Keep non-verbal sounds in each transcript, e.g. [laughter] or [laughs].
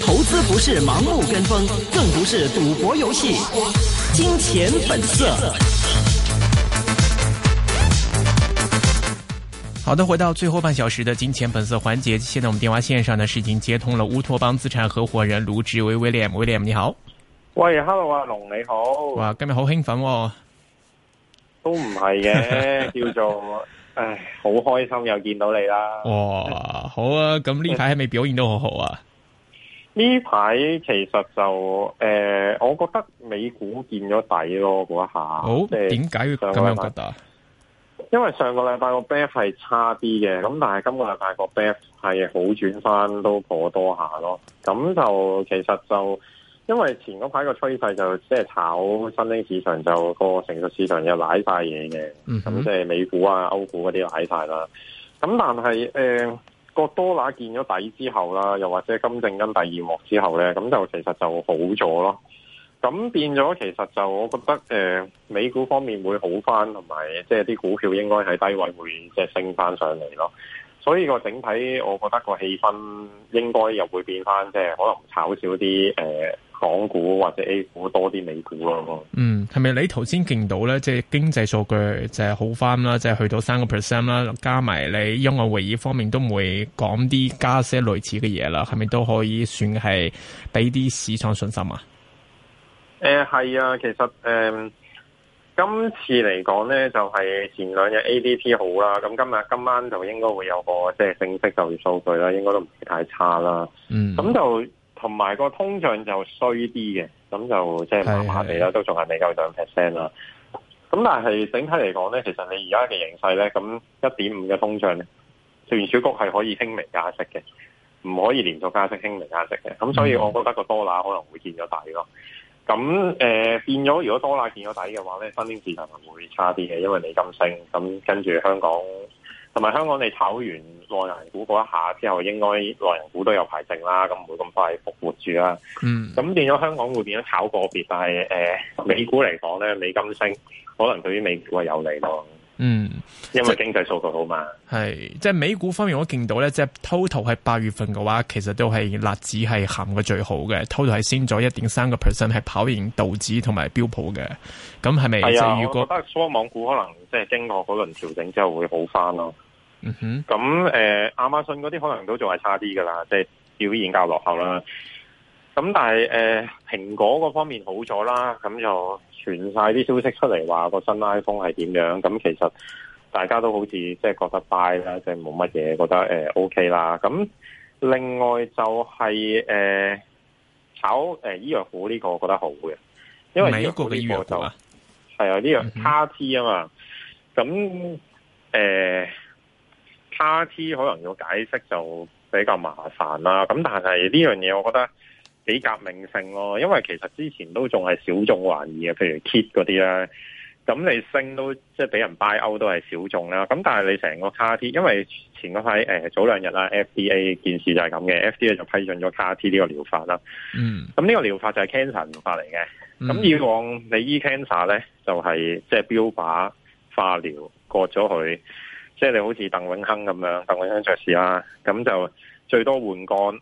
投資不是盲目跟風，更不是賭博遊戲。金錢本色。好的，回到最後半小時的金錢本色環節。現在我們電話線上呢是已經接通了烏托邦資產合夥人盧志威 William，William 你好。喂，Hello 阿龍你好。哇，今日好興奮喎。都唔係嘅， [laughs] 叫做。唉，好開心又見到你啦！哇、哦，好啊，咁呢排係咪表現都好好啊？呢排其實就誒、呃，我覺得美股見咗底咯，嗰一下。好、就是，點解要咁樣覺得？因為上個禮拜個 bear 係差啲嘅，咁但係今個禮拜個 bear 係好轉翻都過多下咯。咁就其實就。因為前嗰排個趨勢就即係炒新興市場，就個成熟市場又奶晒嘢嘅，咁即係美股啊、歐股嗰啲又奶晒啦。咁但係誒個多啦見咗底之後啦，又或者金正恩第二幕之後咧，咁就其實就好咗咯。咁變咗其實就我覺得誒、呃、美股方面會好翻，同埋即係啲股票應該喺低位會即係升翻上嚟咯。所以個整體我覺得個氣氛應該又會變翻，即、就、係、是、可能炒少啲誒。呃港股或者 A 股多啲美股咯，嗯，係咪你頭先見到咧，即係經濟數據就係好翻啦，即係去到三個 percent 啦，加埋你央行會議方面都唔會講啲加息類似嘅嘢啦，係咪都可以算係俾啲市場信心啊？誒係啊，其實誒今次嚟講咧，就係前兩日 ADP 好啦，咁今日今晚就應該會有個即係正式就業數據啦，應該都唔會太差啦。嗯，咁就。同埋個通脹就衰啲嘅，咁就即係麻麻地啦，是是是都仲係未夠兩 percent 啦。咁但係整體嚟講咧，其實你而家嘅形勢咧，咁一點五嘅通脹咧，聯儲局係可以輕微加息嘅，唔可以連續加息，輕微加息嘅。咁所以我覺得個多啦、mm-hmm. 可能會見咗底咯。咁、呃、變咗，如果多啦 [music] 見咗底嘅話咧，新興市場會差啲嘅，因為你咁升咁跟住香港。同埋香港你炒完內銀股嗰一下之後，應該內銀股都有排剩啦，咁唔會咁快復活住啦。嗯，咁變咗香港會變咗炒個別，但係、呃、美股嚟講咧，美金升可能對於美股係有利咯。嗯，因為經濟數據好嘛。係、嗯，即係美股方面，我見到咧，即係 Total 係八月份嘅話，其實都係納指係行嘅最好嘅，Total 係升咗一點三個 percent，係跑贏道指同埋標普嘅。咁係咪？係、哎、啊，我覺得科網股可能即係經過嗰輪調整之後會好翻咯。咁、嗯、誒、亞、呃、馬遜嗰啲可能都仲係差啲噶啦，即、就、係、是、表現較落後啦。咁但係誒，蘋、呃、果嗰方面好咗啦，咁就傳晒啲消息出嚟話個新 iPhone 係點樣，咁其實大家都好似即係覺得 buy 啦，即係冇乜嘢，覺得誒 O K 啦。咁、呃 OK、另外就係、是、誒、呃、炒誒、呃、醫藥股呢個我覺得好嘅，因為美國嘅醫藥股係啊，呢樣卡 T 啊嘛，咁、嗯、誒。CAR-T 可能要解釋就比較麻煩啦，咁但係呢樣嘢我覺得幾革命性咯，因為其實之前都仲係小眾玩意嘅，譬如 kit 嗰啲咧，咁你升都即係俾人 buy out 都係小眾啦，咁但係你成個 CAR-T，因為前嗰排、呃、早兩日啦，FDA 件事就係咁嘅，FDA 就批准咗 CAR-T 呢個療法啦。嗯，咁呢個療法就係 cancer 療法嚟嘅，咁、嗯、以往你醫 cancer 咧就係即係標靶化、化療過咗去。即係你好似鄧永亨咁樣，鄧永亨爵士啦，咁就最多換肝，咁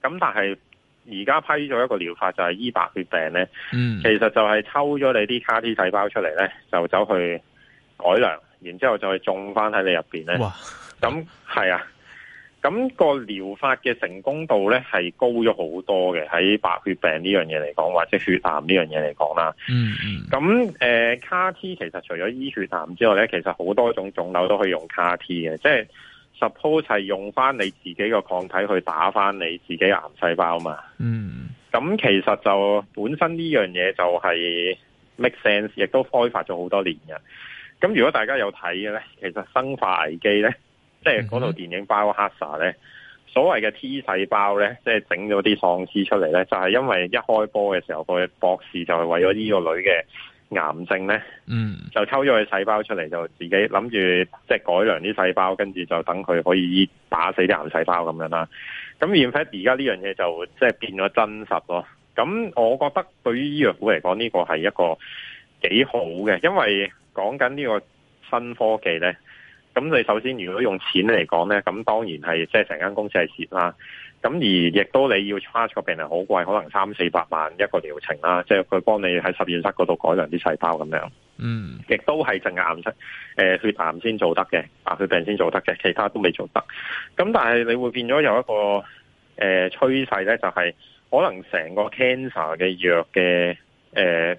但係而家批咗一個療法就係醫白血病咧，嗯，其實就係抽咗你啲 CAR-T 細胞出嚟咧，就走去改良，然之後再種翻喺你入邊咧，哇，咁係啊。咁、那個療法嘅成功度咧係高咗好多嘅，喺白血病呢樣嘢嚟講，或者血癌呢樣嘢嚟講啦。嗯、mm-hmm.，咁誒 CAR T 其實除咗醫血癌之外咧，其實好多種腫瘤都可以用 CAR T 嘅，即係 suppose 係用翻你自己個抗體去打翻你自己癌細胞嘛。嗯，咁其實就本身呢樣嘢就係 make sense，亦都開發咗好多年嘅。咁如果大家有睇嘅咧，其實生化危機咧。即係嗰套電影《Biohazard》咧，所謂嘅 T 細胞咧，即係整咗啲喪屍出嚟咧，就係因為一開波嘅時候，佢博士就為咗呢個女嘅癌症咧，嗯，就抽咗佢細胞出嚟，就自己諗住即係改良啲細胞，跟住就等佢可以打死啲癌細胞咁樣啦。咁而家呢樣嘢就即係變咗真實咯。咁我覺得對於醫藥股嚟講，呢個係一個幾好嘅，因為講緊呢個新科技咧。咁你首先如果用錢嚟講咧，咁當然係即係成間公司係蝕啦。咁而亦都你要 charge 個病人好貴，可能三四百萬一個療程啦。即係佢幫你喺實驗室嗰度改良啲細胞咁樣。嗯，亦都係淨係癌先，誒血癌先做得嘅，啊血病先做得嘅，其他都未做得。咁但係你會變咗有一個誒、呃、趨勢咧，就係、是、可能成個 cancer 嘅藥嘅誒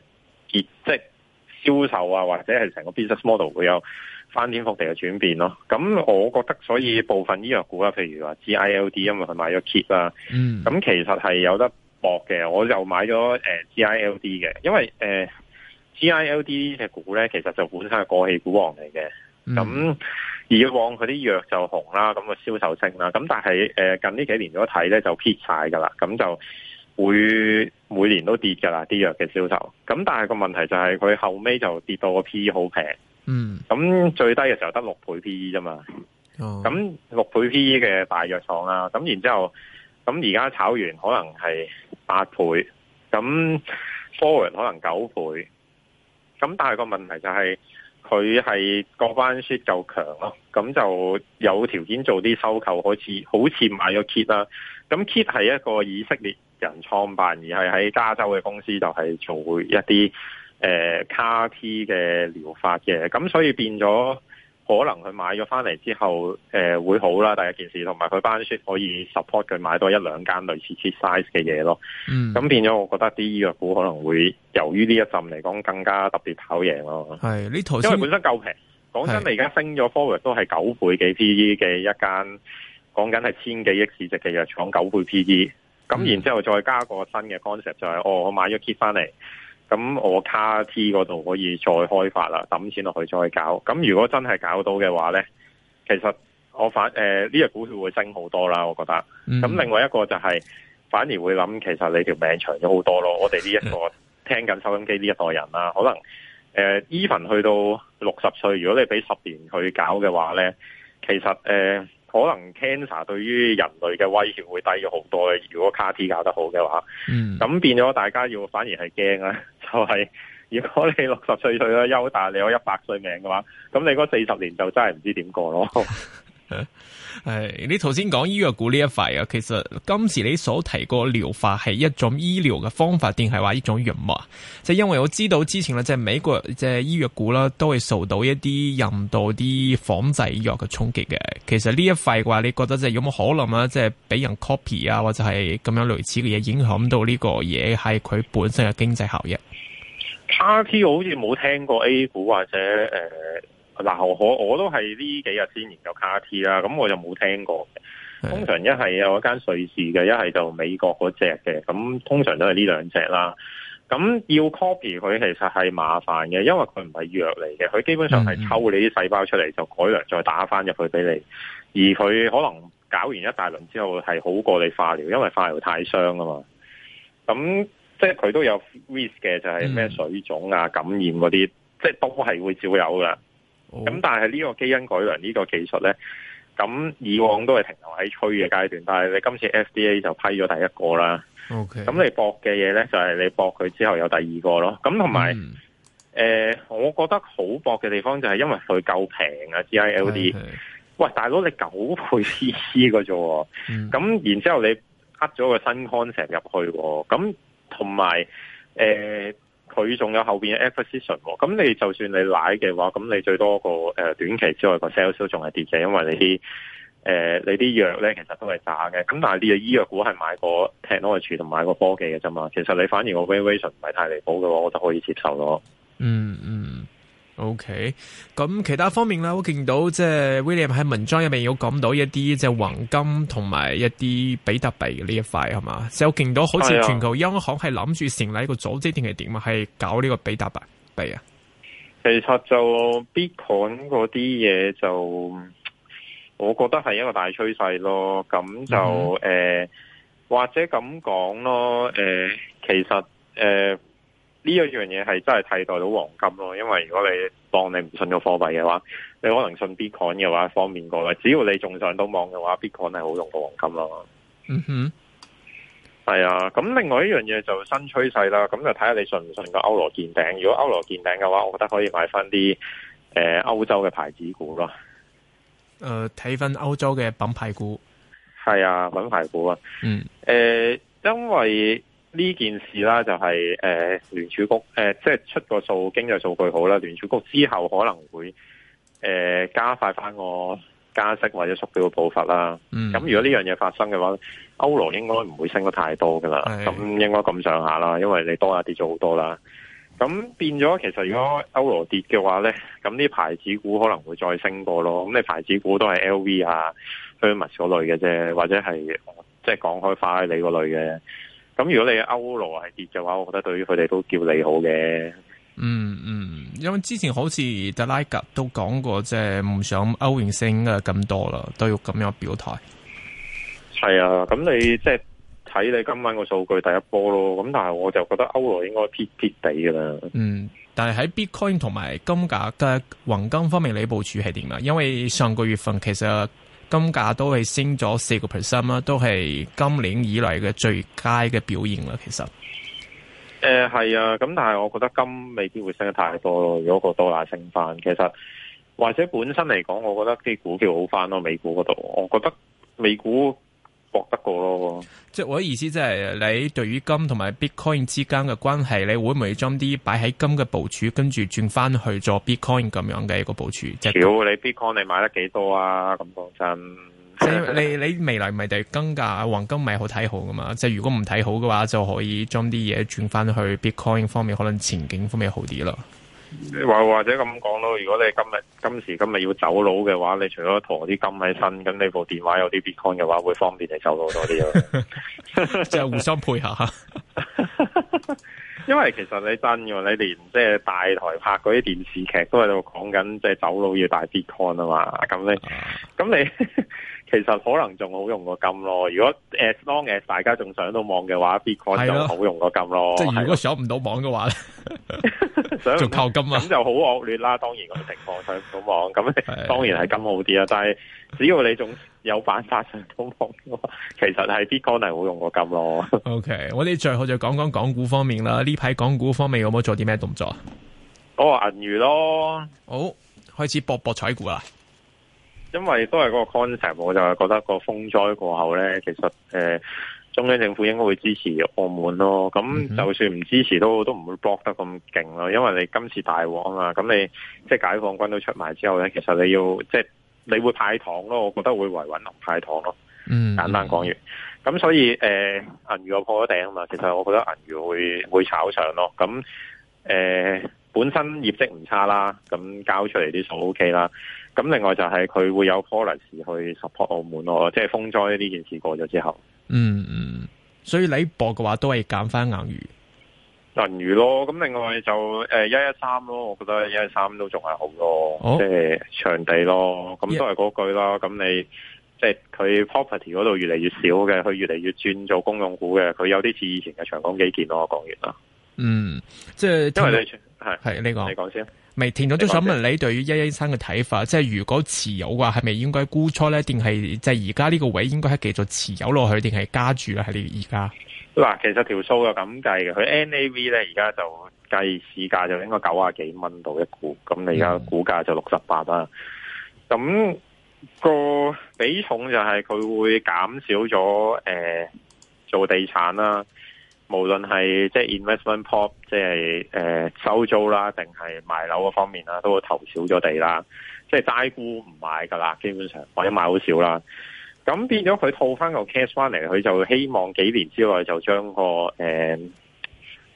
銷售啊，或者係成個 business model 會有翻天覆地嘅轉變咯。咁我覺得，所以部分醫藥股啦，譬如話 GILD，因為佢買咗 keep 啦、嗯，咁其實係有得搏嘅。我又買咗誒、呃、GILD 嘅，因為誒、呃、GILD 的呢隻股咧，其實就本身係過氣股王嚟嘅。咁、嗯、以往佢啲藥就紅啦，咁啊銷售升啦。咁但係誒、呃、近呢幾年咗睇咧，就撇晒噶啦，咁就。會每，每年都跌噶啦。啲藥嘅銷售。咁但係個問題就係佢後尾就跌到個 P E 好平，嗯。咁最低嘅時候得六倍 P E 啫嘛。哦。咁六倍 P E 嘅大藥廠啦，咁然之後咁而家炒完可能係八倍，咁 Forward 可能九倍。咁但係個問題就係佢係個 balance sheet 夠強咯，咁就有條件做啲收購，好似好似買咗 Kit 啦。咁 Kit 係一個以色列，人創辦，而係喺加州嘅公司，就係做一啲誒、呃、CAR-T 嘅療法嘅，咁所以變咗可能佢買咗翻嚟之後，誒、呃、會好啦，第一件事，同埋佢班 share 可以 support 佢買多一兩間類似切 size 嘅嘢咯。嗯，咁變咗，我覺得啲醫藥股可能會由於呢一陣嚟講更加特別跑贏咯。係呢頭，因為本身夠平。講真，你而家升咗 forward 都係九倍幾 P E 嘅一間，講緊係千幾億市值嘅藥廠，九倍 P E。咁、嗯、然之後再加個新嘅 concept 就係、是，哦，我買咗 kit 翻嚟，咁我 CAR-T 嗰度可以再開發啦，抌錢落去再搞。咁如果真係搞到嘅話呢，其實我反誒呢隻股票會升好多啦，我覺得。咁另外一個就係、是、反而會諗，其實你條命長咗好多咯。我哋呢一個 [laughs] 聽緊收音機呢一代人啦，可能 even 去、呃、到六十歲，如果你俾十年去搞嘅話呢，其實誒。呃可能 cancer 對於人類嘅威脅會低咗好多嘅，如果卡 T 搞得好嘅話，咁、嗯、變咗大家要反而係驚咧，就係、係、如果你六十歲退休，但係你有一百歲命嘅話，咁你嗰四十年就真係唔知點過咯。 [laughs] 係、哎、你頭先講醫藥股呢一塊啊，其實今時你所提個療法係一種醫療嘅方法，定係話一種藥物啊？即係因為我知道之前咧，即係美國即係醫藥股啦，都係受到一啲印度啲仿製藥嘅衝擊嘅。其實呢一塊嘅話，你覺得即係有冇可能啊？即係俾人 copy 啊，或者係咁樣類似嘅嘢，影響到呢個嘢係佢本身嘅經濟效益？卡 p 我好似冇聽過 A 股或者誒。呃嗱、啊，我我都係呢幾日先研究 CAR-T 啦，咁我就冇聽過。通常一係有一間瑞士嘅，一係就美國嗰隻嘅，咁通常都係呢兩隻啦。咁要 copy 佢其實係麻煩嘅，因為佢唔係藥嚟嘅，佢基本上係抽你啲細胞出嚟，就改良再打翻入去俾你。而佢可能搞完一大輪之後，係好過你化療，因為化療太傷啊嘛。咁即係佢都有 risk 嘅，就係、是、咩水腫啊、感染嗰啲，即係都係會照有噶。咁、Oh. 但係呢個基因改良呢個技術呢，咁以往都係停留喺催嘅階段，但係你今次 FDA 就批咗第一個啦。咁、Okay. 你搏嘅嘢呢就係、是、你搏佢之後有第二個咯。咁同埋，誒、mm. 呃，我覺得好搏嘅地方就係因為佢夠平啊 GILD，、mm. 喂，大佬你九倍 C C 嘅啫，咁、mm. 然之後你呃咗個新 concept 入去，咁同埋，誒、呃。佢仲有後邊嘅 efficision，咁你就算你奶嘅話，咁你最多個誒短期之外個 sales 都仲係跌嘅，因為你啲誒、呃、你啲藥咧其實都係打嘅。咁但係呢個醫藥股係買個 technology 同買個科技嘅啫嘛，其實你反而個 valuation 唔係太離譜嘅話，我就可以接受咯。嗯嗯。OK，咁其他方面啦，我見到即係 William 喺文章入面有講到一啲即係黃金同埋一啲比特幣呢一塊係嘛，就見到好似全球央行係諗住成立一個組織定係點啊，係搞呢個比特幣啊。其實就 Bitcoin 嗰啲嘢就，我覺得係一個大趨勢咯。咁就誒、嗯呃，或者咁講咯，誒、呃，其實誒。呃呢一樣嘢係真係替代到黃金咯，因為如果你當你唔信個貨幣嘅話，你可能信 Bitcoin 嘅話，方便過啦。只要你仲上到網嘅話，Bitcoin 係好用過黃金咯。嗯哼，係啊。咁另外一樣嘢就新趨勢啦。咁就睇下你信唔信個歐羅見頂。如果歐羅見頂嘅話，我覺得可以買翻啲誒歐洲嘅牌子股咯。誒、呃，睇翻歐洲嘅品牌股，係啊，品牌股啊。嗯。誒、呃，因為。呢件事啦、就是，就係誒聯儲局誒、呃，即係出個數經濟數據好啦。聯儲局之後可能會誒、呃、加快翻個加息或者縮表嘅步伐啦。咁、嗯、如果呢樣嘢發生嘅話，歐羅應該唔會升得太多噶啦。咁應該咁上下啦，因為你多下跌咗好多啦。咁變咗其實如果歐羅跌嘅話咧，咁啲牌子股可能會再升過咯。咁你牌子股都係 LV 啊、Hermes 嗰類嘅啫，或者係即係講開花你嗰類嘅。咁如果你歐羅係跌嘅話，我覺得對於佢哋都叫利好嘅。嗯嗯，因為之前好似德拉格都講過，即係唔想歐元升嘅咁多啦，都要咁樣表態。係啊，咁你即係睇你今晚個數據第一波咯。咁但係我就覺得歐羅應該撇撇地㗎啦。嗯，但係喺 Bitcoin 同埋金價嘅黃金方面，你部署係點啊？因為上個月份其實～金價都係升咗四個 percent 啦，都係今年以嚟嘅最佳嘅表現啦。其實，呃，誒係啊，咁但係我覺得金未必會升得太多咯。如果個多啦升翻，其實或者本身嚟講，我覺得啲股票好翻咯。美股嗰度，我覺得美股。博得過咯，即係我嘅意思，即係你對於金同埋 Bitcoin 之間嘅關係，你會唔會將啲擺喺金嘅部署，跟住轉翻去做 Bitcoin 咁樣嘅一個部署？即少，你 Bitcoin 你買得幾多啊？咁講真，即係你你未來咪就金價黃金咪好睇好噶嘛？即係如果唔睇好嘅話，就可以將啲嘢轉翻去 Bitcoin 方面，可能前景方面好啲啦。或或者咁講咯，如果你今日今時今日要走佬嘅話，你除咗同啲金喺身，咁你部電話有啲 bitcoin 嘅話，會方便你走佬多啲咯，即 [laughs] 係互相配合吓。 [laughs] 因為其實你真嘅，你連即係大台拍嗰啲電視劇都喺度講緊，即係走佬要帶 bitcoin 啊嘛。咁你咁 [laughs] 你其實可能仲好用過金咯。如果，as long as 大家仲上到網嘅話，bitcoin 就好用過金咯。即係如果上唔到網嘅話咧。 [laughs] 就靠金啊，咁就好惡劣啦。當然個情況上唔到網，咁當然係金好啲啊。但係只要你仲有辦法上到網，其實係 Bitcoin 係好用過金咯。OK，我哋最後就講講港股方面啦。呢排港股方面有冇做啲咩動作啊？嗰個銀娛咯，好開始博博彩股啊。因為都係個 concept，我就係覺得個風災過後咧，其實誒。呃中央政府應該會支持澳門咯，咁就算唔支持都都唔會 block 得咁勁咯，因為你今次大鑊啊，咁你即係解放軍都出埋之後咧，其實你要即係你會派糖咯，我覺得會維穩同派糖咯。嗯，簡單講完。咁、mm-hmm. 所以誒、呃，銀娛有破咗頂啊嘛，其實我覺得銀娛會,會炒上咯。咁、呃、本身業績唔差啦，咁交出嚟啲數 O K 啦。咁另外就係佢會有 policy 去 support 澳門咯，即係風災呢件事過咗之後。嗯嗯，所以你博嘅話都係減翻硬魚，輪魚咯。咁另外就誒一一三咯，我覺得一一三都仲係好咯，即係、哦呃、長地咯。咁都係嗰句啦。咁你即係佢 property 嗰度越嚟越少嘅，佢越嚟越轉做公用股嘅，佢有啲似以前嘅長江基建咯。我講完啦。嗯，即係因為你係係呢個，你講先。田總都想問你對於一一三嘅睇法，即係如果持有嘅話係咪應該沽出咧？定係即係而家呢個位置應該係繼續持有落去，定係加注啊？喺呢而家，嗱，其實條數又咁計嘅，佢 NAV 咧，而家就計市價就應該九啊幾蚊到一股，咁你而家股價就六十八啦，咁，嗰個比重就係佢會減少咗誒、呃、做地產啦。無論係即係 investment pop，即係誒、呃、收租啦，定係賣樓嗰方面啦，都會投少咗地啦。即係齋沽唔買噶啦，基本上或者買好少啦。咁變咗佢套翻個 cash 翻嚟，佢就希望幾年之內就將、那個誒、呃，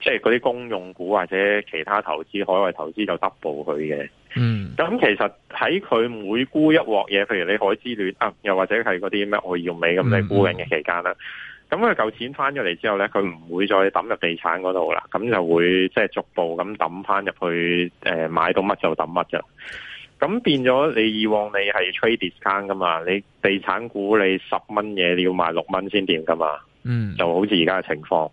即係嗰啲公用股或者其他投資、海外投資就 double 佢嘅。嗯。咁其實喺佢每沽一鑊嘢，譬如你海之戀啊，又或者係嗰啲咩愛耀美咁，你沽緊嘅期間啦。嗯嗯。咁佢嚿錢翻咗嚟之後咧，佢唔會再抌入地產嗰度啦，咁就會即係逐步咁抌翻入去誒買到乜就抌乜嘅。咁變咗你以往你係 trade discount 噶嘛？你地產股你十蚊嘢你要賣六蚊先掂噶嘛？嗯，就好似而家嘅情況。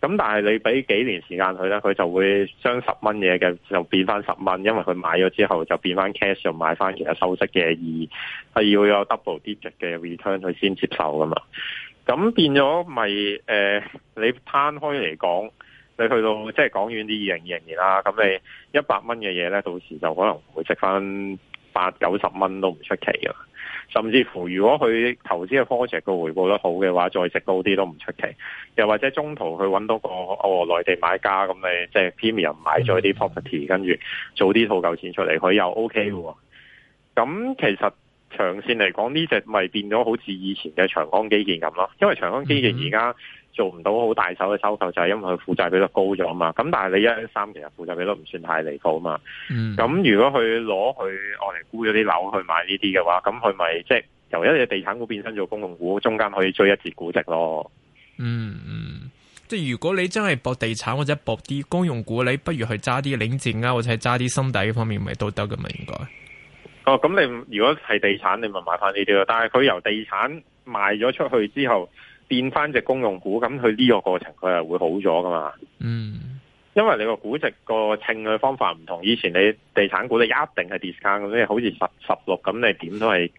咁但係你俾幾年時間佢咧，佢就會將十蚊嘢嘅就變翻十蚊，因為佢買咗之後就變翻 cash，又買翻其他收息嘅，二係要有 double digit 嘅 return 佢先接受噶嘛。咁變咗咪誒？你攤開嚟講，你去到即係講遠啲二零二零年啦。咁你一百蚊嘅嘢咧，到時就可能會值翻八九十蚊都唔出奇啦。甚至乎，如果佢投資嘅 project 個回報得好嘅話，再值高啲都唔出奇。又或者中途去搵到個哦內地買家咁，你即係 premium 買咗啲 property，跟住做啲套夠錢出嚟，佢又 OK 喎。咁其實～長線嚟講，呢隻咪變咗好似以前嘅長江基建咁咯，因為長江基建而家做唔到好大手嘅收購，就係、是、因為佢負債比率高咗嘛。咁但係你一一三其實負債比都唔算太離譜啊嘛。咁、嗯、如果佢攞佢我嚟沽咗啲樓去買呢啲嘅話，咁佢咪即係由一隻地產股變身做公用股，中間可以追一次估值咯。嗯嗯，即係如果你真係搏地產或者搏啲公用股，你不如去揸啲領展啊，或者揸啲新地方面，咪都得噶嘛，應該。哦，咁你如果係地產，你咪買翻呢啲咯。但係佢由地產賣咗出去之後，變翻隻公用股，咁佢呢個過程佢係會好咗噶嘛？嗯、mm-hmm.，因為你個估值個稱嘅方法唔同，以前你地產股你一定係 discount，即係好似十十六咁，你點都係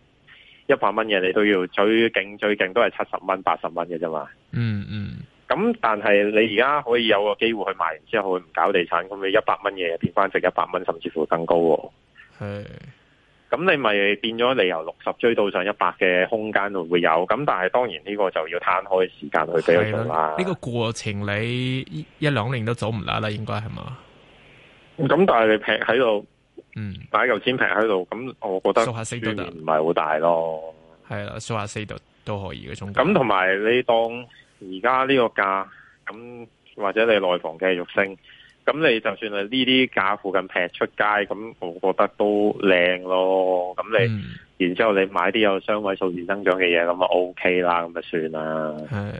一百蚊嘅，你都要最勁最勁都係七十蚊、八十蚊嘅啫嘛。嗯嗯。咁但係你而家可以有個機會去賣完之後，佢唔搞地產，咁你一百蚊嘢變翻值一百蚊，甚至乎更高。係、hey.。咁你咪變咗你由六十追到上一百嘅空間度會有，咁但係當然呢個就要攤開時間去俾佢做啦。呢、啊這個過程你一兩年都走唔甩啦，應該係嘛？咁但係你平喺度，嗯，擺嚿錢平喺度，咁我覺得收下息都唔係好大咯。係啦、啊，收下息都都可以嘅，中間。咁同埋你當而家呢個價，咁或者你內房繼續升。咁你就算係呢啲價附近劈出街，咁我覺得都靚咯。咁你，嗯、然之後你買啲有雙位數字增長嘅嘢，咁就 O K 啦，咁就算啦。係。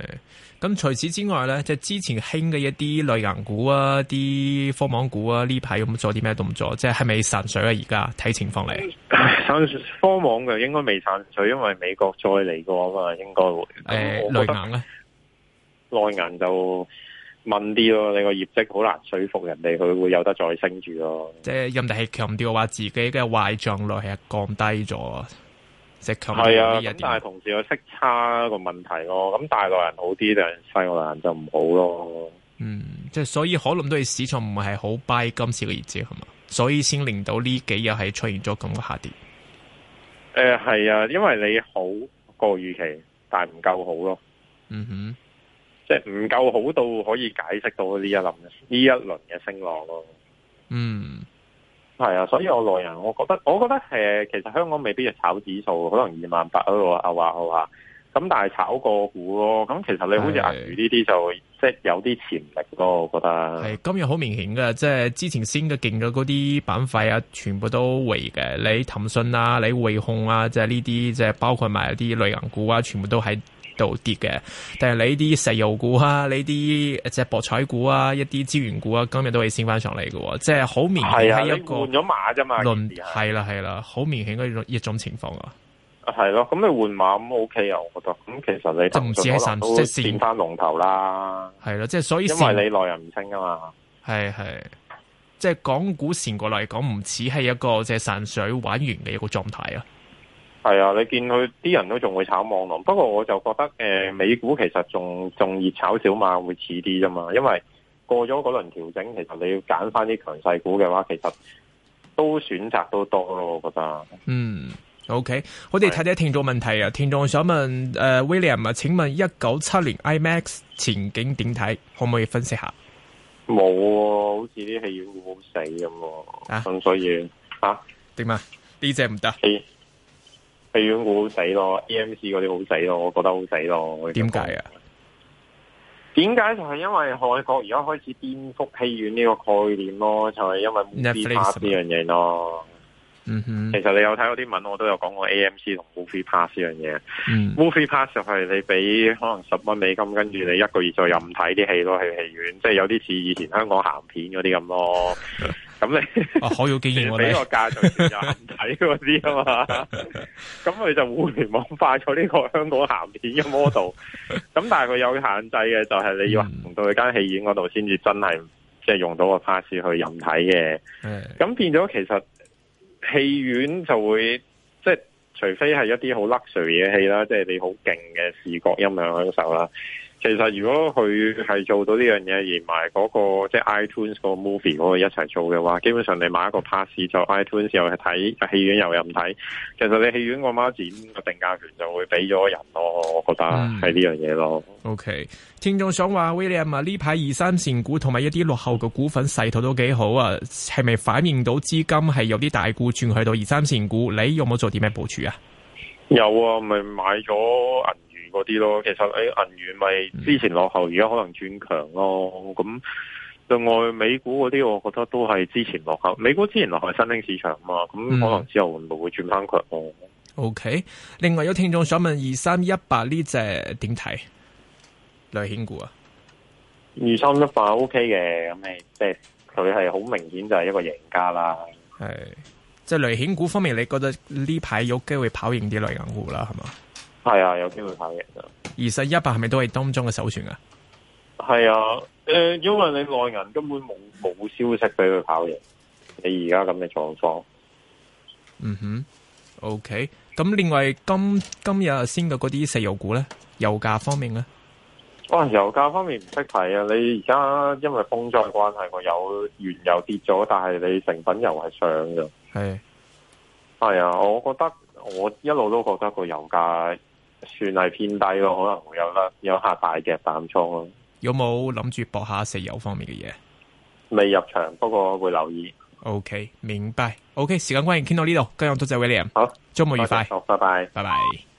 咁除此之外咧，即、就、係、是、之前興嘅一啲內銀股啊，啲科網股啊，呢排咁做啲咩動作？即係係咪散水啊？而家睇情況嚟。 [laughs] 科網就應該未散水，因為美國再嚟過啊嘛，應該會。誒，內銀咧？內銀就。呃問啲咯，你個業績好難說服人哋，佢會有得再升住咯。即係，任迪係強調話自己嘅壞賬率係降低咗，即係啊。咁但係同時有息差個問題咯，啊，咁大個人好啲，但係細個人就唔好咯。嗯，即係所以可能都係市場唔係好 buy 今次嘅業績，係嘛？所以先令到呢幾日係出現咗咁嘅下跌。誒、呃，係啊，因為你好過預期，但係唔夠好咯。嗯哼。即係唔夠好到可以解釋到呢一輪，呢一輪嘅升浪咯。嗯，係啊，所以我個人，我覺得，我覺得誒，其實香港未必要炒指數，可能二萬八喎，度啊話係嘛，咁，啊啊啊，但係炒個股咯。咁其實你好似阿余呢啲就即係有啲潛力咯，我覺得。係今日好明顯㗎。即、就、係、是、之前先嘅勁嘅嗰啲板塊啊，全部都回嘅。你騰訊啊，你匯控啊，即係呢啲，即、就、係、是、包括埋啲類股啊，全部都喺度跌嘅，但係你啲石油股啊，呢啲即係博彩股啊，一啲資源股啊，今日都可以升翻上嚟嘅，即係好明顯係一個輪換咗馬啫嘛，係啦係啦，好、啊啊啊啊、明顯一種一種情況啊，係咯、啊，咁、啊、你換馬咁 OK 啊，我覺得咁其實你就唔似係散即係轉翻龍頭啦，係咯、啊，即係所以因為你內人唔清噶嘛，係係、啊啊啊，即係港股轉過嚟講，唔似係一個即係散水玩完嘅一個狀態啊。係啊，你見佢啲人都仲會炒望龍，不過我就覺得誒、呃，美股其實仲仲熱炒少嘛，會似啲啫嘛。因為過咗嗰輪調整，其實你要揀翻啲強勢股嘅話，其實都選擇都多咯。我覺得。嗯，OK，我哋睇睇聽眾問題啊。聽眾想問誒、呃、William 啊，請問一九七年 IMAX 前景點睇？可唔可以分析下？冇、啊，好似啲戲院會好死咁喎。咁所以吓點啊？呢隻唔得。啊戲院好死咯，AMC 嗰啲好死咯，我覺得好死咯。點解啊？點解就係、是、因為外國而家開始顛覆戲院呢個概念咯，就係、是、因為 movie pass 呢樣嘢咯。嗯哼，其實你有睇嗰啲文，我都有講過 AMC 同 movie pass 呢樣嘢。嗯、movie pass 就係你俾可能十蚊美金，跟住你一個月再任睇啲戲咯，去戲院，即、就、係、是、有啲似以前香港鹹片嗰啲咁咯。 [laughs] 咁你、啊，可我好有經驗，我哋俾個價就任睇嗰啲啊嘛，咁佢就互聯網化咗呢個香港鹹片嘅 model，咁但係佢有限制嘅，就係你要行到去間戲院嗰度先至真係即係用到個 pass 去任睇嘅，咁變咗其實戲院就會即係除非係一啲好 luxury 嘅戲啦，即係你好勁嘅視覺音量享受啦。其實如果佢係做到呢樣嘢，連埋嗰個即係 iTunes 個 movie、嗰個 movie 嗰個一齊做嘅話，基本上你買一個 pass 就 iTunes 又係睇戲院又任睇，其實你戲院 margin 個定價權就會俾咗人咯，我覺得係呢樣嘢咯。OK，聽眾想話 William 啊，呢排二三線股同埋一啲落後嘅股份勢頭都幾好啊，係咪反映到資金係有啲大股轉去到二三線股？你有冇做啲咩部署啊？有啊，咪買咗銀元嗰啲咯。其實誒，銀元咪之前落後，而家可能轉強咯。咁另外美股嗰啲，我覺得都係之前落後。美股之前落後新興市場嘛，咁可能之後會唔會轉翻強。嗯、o、okay. K，另外有聽眾想問二三一八呢隻點睇？內險股啊，二三一八 O K 嘅，咁誒即係佢係好明顯就係一個贏家啦，係。即係內險股方面，你覺得呢排有機會跑贏啲內銀股啦，係嘛？係啊，有機會跑贏。二十一百係咪都係當中嘅首選啊？係啊，誒、呃，因為你內銀根本冇冇消息俾佢跑贏，你而家咁嘅狀況。嗯哼，OK。咁另外今今日先嘅嗰啲石油股咧，油價方面咧？哇、哦，油價方面唔識睇啊！你而家因為封裝關係，我有原油跌咗，但係你成品油係上嘅。係，係啊！我覺得我一路都覺得個油價算係偏低咯，可能會有得有下大嘅淡倉咯。有冇諗住搏下石油方面嘅嘢？未入場，不過會留意。OK，明白。OK，時間關係傾到呢度，今日多謝 William 好。好，週末愉快，拜拜，拜拜。Bye bye